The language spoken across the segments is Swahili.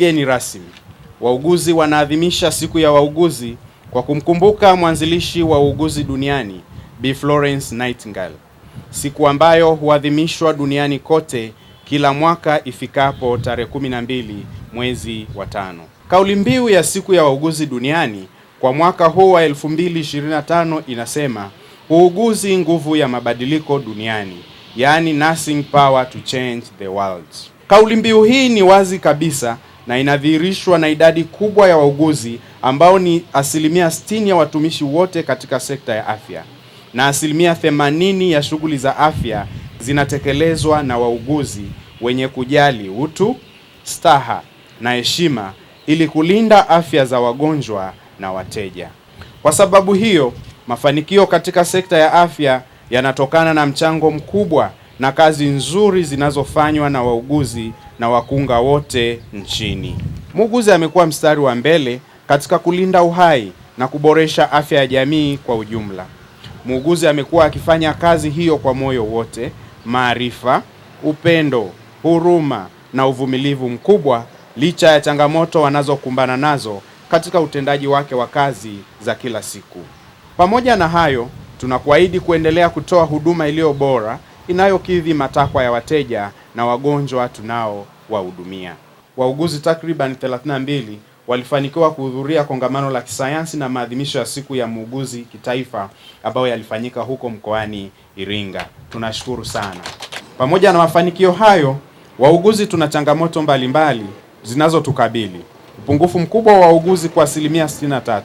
mgeni rasmi, wauguzi wanaadhimisha siku ya wauguzi kwa kumkumbuka mwanzilishi wa uuguzi duniani B. Florence Nightingale, siku ambayo huadhimishwa duniani kote kila mwaka ifikapo tarehe 12 mwezi wa tano. Kauli mbiu ya siku ya wauguzi duniani kwa mwaka huu wa 2025 inasema uuguzi, nguvu ya mabadiliko duniani, yaani nursing power to change the world. Kauli mbiu hii ni wazi kabisa na inadhihirishwa na idadi kubwa ya wauguzi ambao ni asilimia sitini ya watumishi wote katika sekta ya afya na asilimia themanini ya shughuli za afya zinatekelezwa na wauguzi wenye kujali utu, staha na heshima ili kulinda afya za wagonjwa na wateja. Kwa sababu hiyo, mafanikio katika sekta ya afya yanatokana na mchango mkubwa na kazi nzuri zinazofanywa na wauguzi na wakunga wote nchini. Muuguzi amekuwa mstari wa mbele katika kulinda uhai na kuboresha afya ya jamii kwa ujumla. Muuguzi amekuwa akifanya kazi hiyo kwa moyo wote, maarifa, upendo, huruma na uvumilivu mkubwa licha ya changamoto wanazokumbana nazo katika utendaji wake wa kazi za kila siku. Pamoja na hayo, tunakuahidi kuendelea kutoa huduma iliyo bora inayokidhi matakwa ya wateja na wagonjwa tunao wahudumia. Wauguzi takriban 32 walifanikiwa kuhudhuria kongamano la kisayansi na maadhimisho ya siku ya muuguzi kitaifa ambayo yalifanyika huko mkoani Iringa. Tunashukuru sana. Pamoja na mafanikio hayo, wauguzi tuna changamoto mbalimbali zinazotukabili. Upungufu mkubwa wa wauguzi kwa asilimia 63.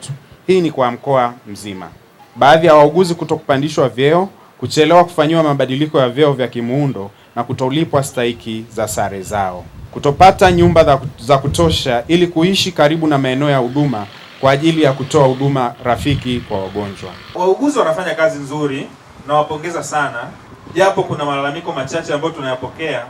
Hii ni kwa mkoa mzima. Baadhi ya wauguzi kuto kupandishwa vyeo, kuchelewa kufanyiwa mabadiliko ya vyeo vya kimuundo na kutolipwa stahiki za sare zao, kutopata nyumba za kutosha ili kuishi karibu na maeneo ya huduma kwa ajili ya kutoa huduma rafiki kwa wagonjwa. Wauguzi wanafanya kazi nzuri, nawapongeza sana, japo kuna malalamiko machache ambayo tunayapokea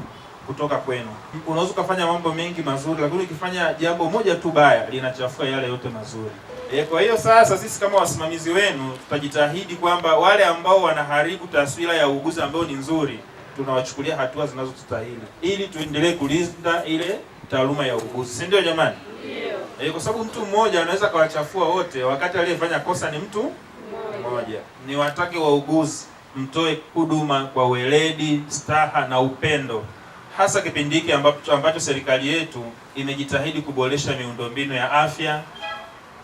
kutoka kwenu. Unaweza ukafanya mambo mengi mazuri, lakini ukifanya jambo moja tu baya linachafua yale yote mazuri. E, kwa hiyo sasa sisi kama wasimamizi wenu tutajitahidi kwamba wale ambao wanaharibu taswira ya uuguzi ambayo ni nzuri tunawachukulia hatua zinazostahili ili tuendelee kulinda ile taaluma ya uuguzi, si ndio jamani? Ndio. E, kwa sababu mtu mmoja anaweza kawachafua wote, wakati aliyefanya kosa ni mtu mmoja. Ni watake wauguzi mtoe huduma kwa weledi, staha na upendo, hasa kipindi hiki ambacho, ambacho serikali yetu imejitahidi kuboresha miundombinu ya afya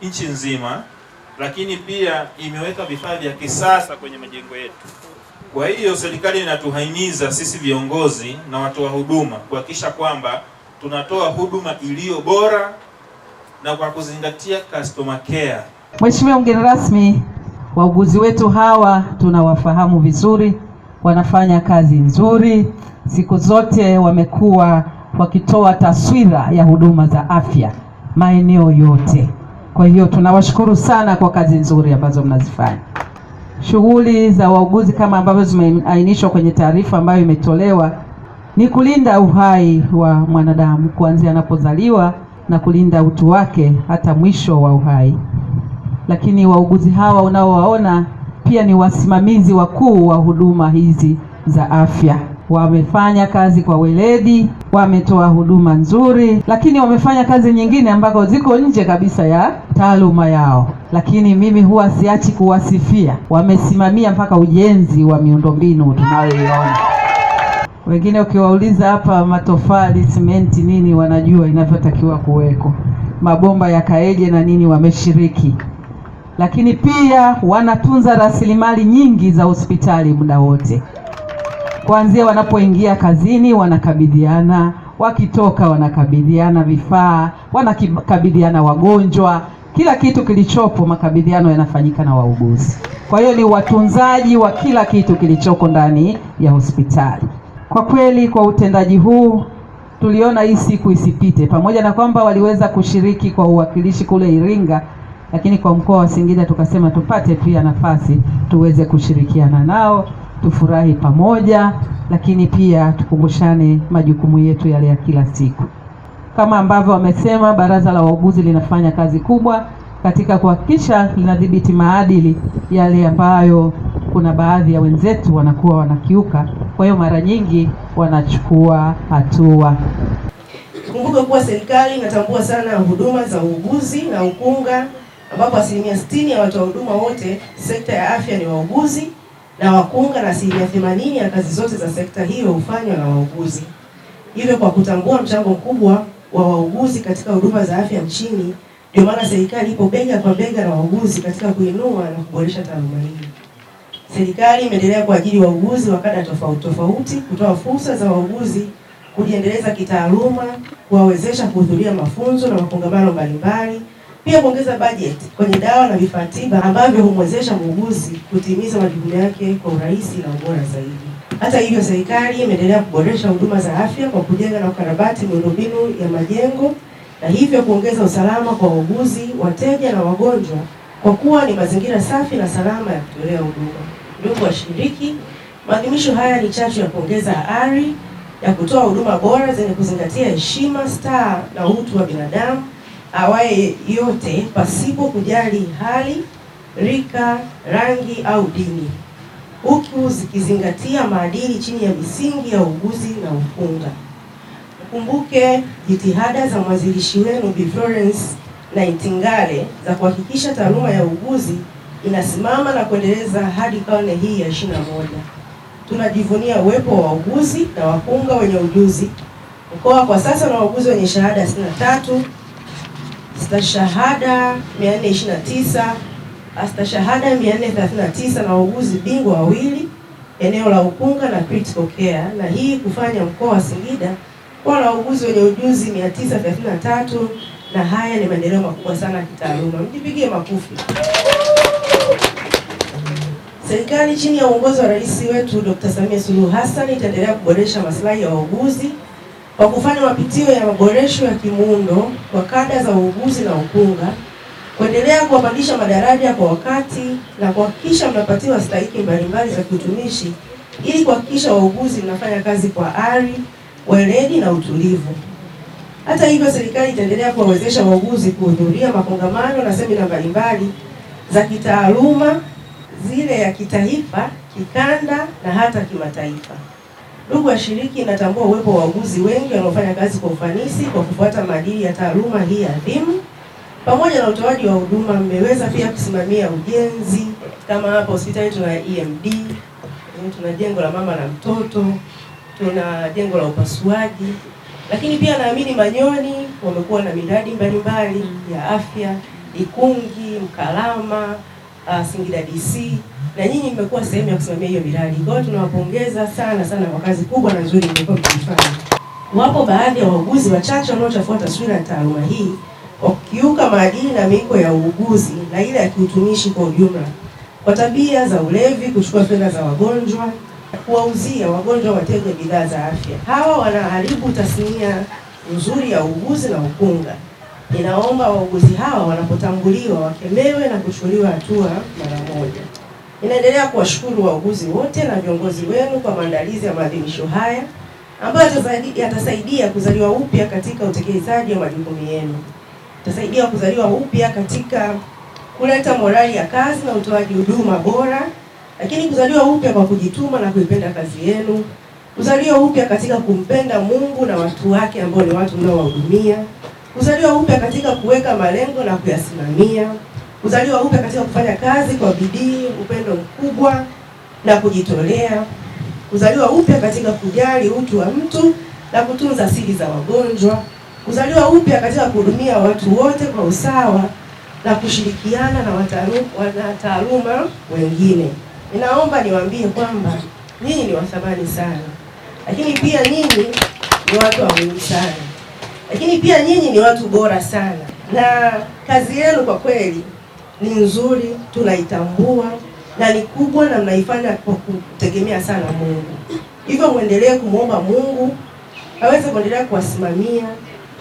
nchi nzima, lakini pia imeweka vifaa vya kisasa kwenye majengo yetu. Kwa hiyo serikali inatuhimiza sisi viongozi na watoa huduma kuhakikisha kwamba tunatoa huduma iliyo bora na kwa kuzingatia customer care. Mheshimiwa mgeni rasmi, wauguzi wetu hawa tunawafahamu vizuri, wanafanya kazi nzuri, siku zote wamekuwa wakitoa taswira ya huduma za afya maeneo yote. Kwa hiyo tunawashukuru sana kwa kazi nzuri ambazo mnazifanya shughuli za wauguzi kama ambavyo zimeainishwa kwenye taarifa ambayo imetolewa ni kulinda uhai wa mwanadamu kuanzia anapozaliwa na kulinda utu wake hata mwisho wa uhai. Lakini wauguzi hawa unaowaona pia ni wasimamizi wakuu wa huduma hizi za afya wamefanya kazi kwa weledi, wametoa huduma nzuri, lakini wamefanya kazi nyingine ambako ziko nje kabisa ya taaluma yao, lakini mimi huwa siachi kuwasifia. Wamesimamia mpaka ujenzi wa miundombinu tunayoiona. Wengine ukiwauliza hapa matofali, simenti, nini, wanajua inavyotakiwa kuwekwa, mabomba yakaeje na nini, wameshiriki lakini pia wanatunza rasilimali nyingi za hospitali muda wote kuanzia wanapoingia kazini wanakabidhiana, wakitoka wanakabidhiana vifaa, wanakabidhiana wagonjwa, kila kitu kilichopo, makabidhiano yanafanyika na wauguzi. Kwa hiyo ni watunzaji wa kila kitu kilichoko ndani ya hospitali. Kwa kweli, kwa utendaji huu tuliona hii siku isipite, pamoja na kwamba waliweza kushiriki kwa uwakilishi kule Iringa, lakini kwa mkoa wa Singida tukasema tupate pia nafasi tuweze kushirikiana nao tufurahi pamoja, lakini pia tukumbushane majukumu yetu yale ya kila siku. Kama ambavyo wamesema, baraza la wauguzi linafanya kazi kubwa katika kuhakikisha linadhibiti maadili yale ambayo kuna baadhi ya wenzetu wanakuwa wanakiuka, kwa hiyo mara nyingi wanachukua hatua. Kumbuka kuwa serikali inatambua sana huduma za uuguzi na ukunga, ambapo asilimia sitini ya watoa huduma wote sekta ya afya ni wauguzi na wakunga na asilimia themanini ya kazi zote za sekta hiyo hufanywa na wauguzi. Hivyo kwa kutambua mchango mkubwa wa wauguzi katika huduma za afya nchini, ndio maana serikali ipo bega kwa bega na wauguzi katika kuinua na kuboresha taaluma hii. Serikali imeendelea kuajiri wauguzi wa kada tofauti tofauti, kutoa fursa za wauguzi kujiendeleza kitaaluma, kuwawezesha kuhudhuria mafunzo na makongamano mbalimbali pia kuongeza bajeti kwenye dawa na vifaa tiba ambavyo humwezesha muuguzi kutimiza majukumu yake kwa urahisi na ubora zaidi. Hata hivyo, serikali imeendelea kuboresha huduma za afya kwa kujenga na ukarabati miundombinu ya majengo na hivyo kuongeza usalama kwa wauguzi, wateja na wagonjwa kwa kuwa ni mazingira safi na salama ya kutolea huduma. Ndugu washiriki, maadhimisho haya ni chachu ya kuongeza ari ya kutoa huduma bora zenye kuzingatia heshima, staa na utu wa binadamu awaye yote pasipo kujali hali, rika, rangi au dini, huku zikizingatia maadili chini ya misingi ya uuguzi na ufunga. Mkumbuke jitihada za mwanzilishi wenu Bi Florence Nightingale za kuhakikisha taaluma ya uuguzi inasimama na kuendeleza hadi karne hii ya moja. Tunajivunia uwepo wa wauguzi na wakunga wenye ujuzi mkoa kwa sasa na wauguzi wenye shahada tatu stashahada 429, astashahada 439 na wauguzi bingwa wawili eneo la Ukunga na critical care, na hii kufanya mkoa wa Singida kuwa na wauguzi wenye ujuzi 933 na haya ni maendeleo makubwa sana kitaaluma, mjipigie makofi. Serikali chini ya uongozi wa rais wetu Dr. Samia Suluhu Hassan itaendelea kuboresha maslahi ya wauguzi kwa kufanya mapitio ya maboresho ya kimuundo kwa kada za uuguzi na ukunga, kuendelea kuwapandisha madaraja kwa wakati na kuhakikisha mnapatiwa stahiki mbalimbali za kiutumishi ili kuhakikisha wauguzi mnafanya kazi kwa ari, weledi na utulivu. Hata hivyo, serikali itaendelea kuwawezesha wauguzi kuhudhuria makongamano na semina mbalimbali za kitaaluma, zile ya kitaifa, kikanda na hata kimataifa. Ndugu washiriki, natambua uwepo wa wauguzi wengi wanaofanya kazi kwa ufanisi kwa kufuata maadili ya taaluma hii adhimu. Pamoja na utoaji wa huduma, mmeweza pia kusimamia ujenzi. Kama hapa hospitali tuna EMD, eh, tuna jengo la mama na mtoto, tuna jengo la upasuaji, lakini pia naamini Manyoni wamekuwa na miradi mbalimbali ya afya, Ikungi, Mkalama, uh, Singida DC na nyinyi mmekuwa sehemu ya kusimamia hiyo miradi. Kwa hiyo tunawapongeza sana sana kwa kazi kubwa na nzuri mlikuwa mkifanya. Wapo baadhi ya wauguzi wachache wanaochafua taswira ya taaluma hii kwa kukiuka maadili na miiko ya uuguzi na ile ya kiutumishi kwa ujumla, kwa tabia za ulevi, kuchukua fedha za wagonjwa, kuwauzia wagonjwa watengwe bidhaa za afya. Hawa wanaharibu tasnia nzuri ya uuguzi na ukunga. Ninaomba wauguzi hawa wanapotambuliwa wakemewe na kuchukuliwa hatua mara Ninaendelea kuwashukuru wauguzi wote na viongozi wenu kwa maandalizi ya maadhimisho haya ambayo yatasaidia kuzaliwa upya katika utekelezaji wa majukumu yenu, tasaidia kuzaliwa upya katika kuleta morali ya kazi na utoaji huduma bora, lakini kuzaliwa upya kwa kujituma na kuipenda kazi yenu, kuzaliwa upya katika kumpenda Mungu na watu wake ambao ni watu mnaowahudumia, kuzaliwa upya katika kuweka malengo na kuyasimamia kuzaliwa upya katika kufanya kazi kwa bidii, upendo mkubwa na kujitolea, kuzaliwa upya katika kujali utu wa mtu na kutunza siri za wagonjwa, kuzaliwa upya katika kuhudumia watu wote kwa usawa na kushirikiana na wanataaluma wengine. Ninaomba niwaambie kwamba nyinyi ni wathamani sana, lakini pia nyinyi ni watu wa muhimu sana, lakini pia nyinyi ni watu bora sana, na kazi yenu kwa kweli ni nzuri, tunaitambua na ni kubwa, na mnaifanya kwa kutegemea sana Mungu. Hivyo mwendelee kumwomba Mungu aweze kuendelea kuwasimamia.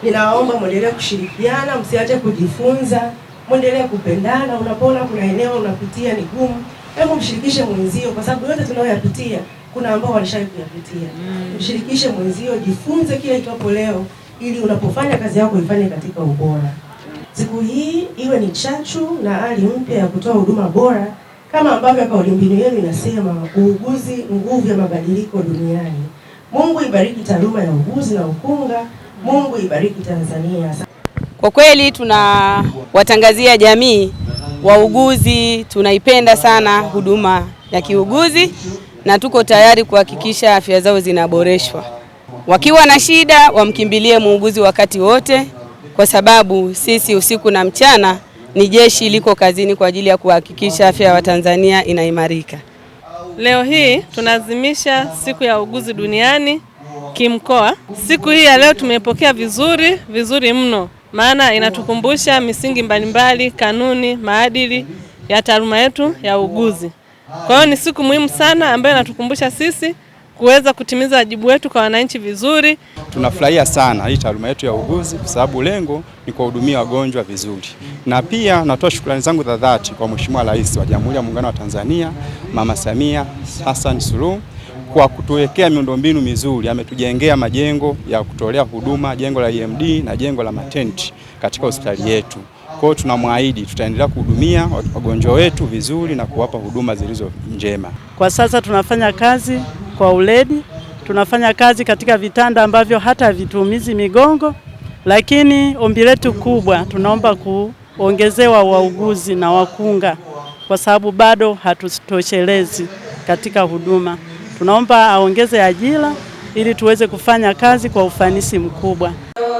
ninaomba mwendelee kushirikiana, msiache kujifunza, mwendelee kupendana. Unapoona kuna eneo unapitia ni gumu, hebu mshirikishe mwenzio, kwa sababu yote tunayoyapitia kuna ambao walishawahi kuyapitia. Mm. Mshirikishe mwenzio, jifunze kile itwapo leo, ili unapofanya kazi yako ifanye katika ubora siku hii iwe ni chachu na hali mpya ya kutoa huduma bora kama ambavyo kaulimbinu yenu inasema, uuguzi nguvu ya mabadiliko duniani. Mungu ibariki taaluma ya uuguzi na ukunga. Mungu ibariki Tanzania. Kwa kweli tunawatangazia jamii wauguzi, tunaipenda sana huduma ya kiuguzi na tuko tayari kuhakikisha afya zao zinaboreshwa. Wakiwa na shida wamkimbilie muuguzi wakati wote kwa sababu sisi usiku na mchana ni jeshi liko kazini kwa ajili ya kuhakikisha afya ya Watanzania inaimarika. Leo hii tunaadhimisha siku ya uuguzi duniani kimkoa. Siku hii ya leo tumepokea vizuri vizuri mno, maana inatukumbusha misingi mbalimbali, kanuni, maadili ya taaluma yetu ya uuguzi. Kwa hiyo ni siku muhimu sana ambayo inatukumbusha sisi kuweza kutimiza wajibu wetu kwa wananchi vizuri. Tunafurahia sana hii taaluma yetu ya uuguzi kwa sababu lengo ni kuwahudumia wagonjwa vizuri, na pia natoa shukrani zangu za dhati kwa Mheshimiwa Rais wa Jamhuri ya Muungano wa Tanzania Mama Samia Hassan Suluhu kwa kutuwekea miundombinu mizuri, ametujengea majengo ya kutolea huduma, jengo la EMD na jengo la matenti katika hospitali yetu. Kwa hiyo tunamwaahidi tutaendelea kuhudumia wagonjwa wetu vizuri na kuwapa huduma zilizo njema. Kwa sasa tunafanya kazi kwa uledi. Tunafanya kazi katika vitanda ambavyo hata havituumizi migongo, lakini ombi letu kubwa, tunaomba kuongezewa wauguzi na wakunga, kwa sababu bado hatutoshelezi katika huduma. Tunaomba aongeze ajira ili tuweze kufanya kazi kwa ufanisi mkubwa.